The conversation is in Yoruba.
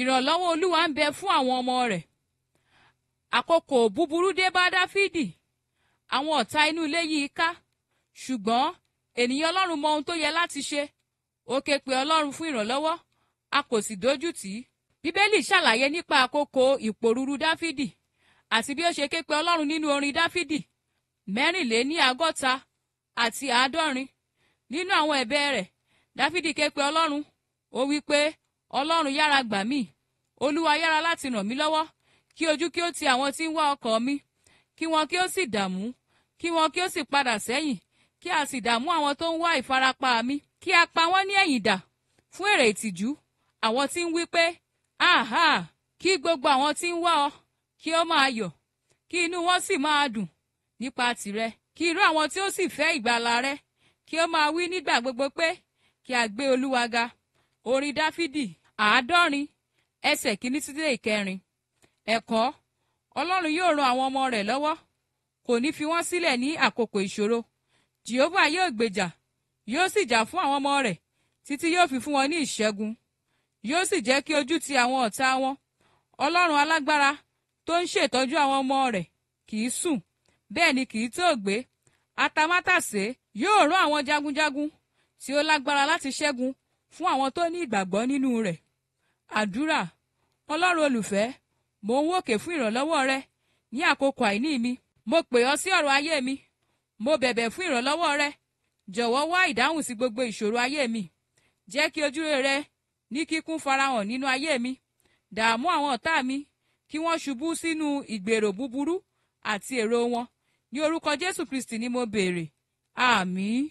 ìrànlọ́wọ́ olúwa ń bẹ fún àwọn ọmọ rẹ̀ àkókò búburú dé bá dáfídì àwọn ọ̀tá inú ilé yí i ká ṣùgbọ́n ènìyàn ọlọ́run mọ ohun tó yẹ láti ṣe ó ké pe ọlọ́run fún ìrànlọ́wọ́ a kò sì dojú tì í bíbélì ṣàlàyé nípa àkókò ìpòrúru dáfídì àti bí ó ṣe ké pe ọlọ́run nínú orin dáfídì mẹ́rìnléní àti àádọ́rin nínú àwọn ẹ̀bẹ̀ rẹ̀ dáfídì ké pe ọlọ́run ó wí pé ọlọ́run yára gbà mí olúwa yára láti ràn mí lọ́wọ́ kí ojú kí ó ti àwọn tí ń wá ọkọ̀ mi kí wọn kí ó sì dààmú kí wọn kí ó sì padà sẹ́yìn kí a sì dààmú àwọn tó ń wá ìfarapa mi kí a pa wọ́n ní ẹ̀yìn dà fún èrè ìtìjú àwọn tí ń wí pé áhà kí gbogbo àwọn tí ń wá ọ kí ó máa yọ̀ kí inú wọn sì máa dùn nípa tìrẹ kí irú àwọn tí ó sì fẹ́ ìgbàlà rẹ kí ó máa wí nígbà gbogbo pé kí a gbé olúwa ga orin dáfídì àádọ́rin ẹsẹ̀ kìíní títí ìkẹrin ẹ̀kọ́ ọlọ́run yóò ran àwọn ọmọ rẹ̀ lọ́wọ́ kò ní fi wọ́n sílẹ̀ ní àkókò ìṣòro jehova yóò gbèjà yóò sì jà fún àwọn ọmọ rẹ̀ títí yóò fi fún wọn ní ìṣẹ́gun yóò sì jẹ́ kí ojú ti àwọn ọ̀tá wọn ọlọ́run alágbára tó ń ṣètọ́jú àwọn ọmọ rẹ̀ kì sùn bẹ́ẹ̀ ni kì í tóògbé atamátàsé yóò rán àwọn jagunjagun tí ó lágbára láti ṣẹ́gun fún àwọn tó ní ìgbàgbọ́ nínú rẹ̀ àdúrà ọlọ́run olùfẹ́ mò ń wòkè fún ìrànlọ́wọ́ rẹ ní àkókò àìní mi mo pè ọ́ sí ọ̀rọ̀ ayé mi mo bẹ̀bẹ̀ fún ìrànlọ́wọ́ rẹ jọ̀wọ́ wá ìdáhùn sí gbogbo ìṣòro ayé mi jẹ́ kí ojúre rẹ ní kíkún farahàn nínú ayé mi dààmú àwọn ọ̀tá mi kí wọ́n ṣubú sínú ìgbèrò búburú àti èrò wọn ní orúkọ Jésù Kristi ni mo béèrè àmín.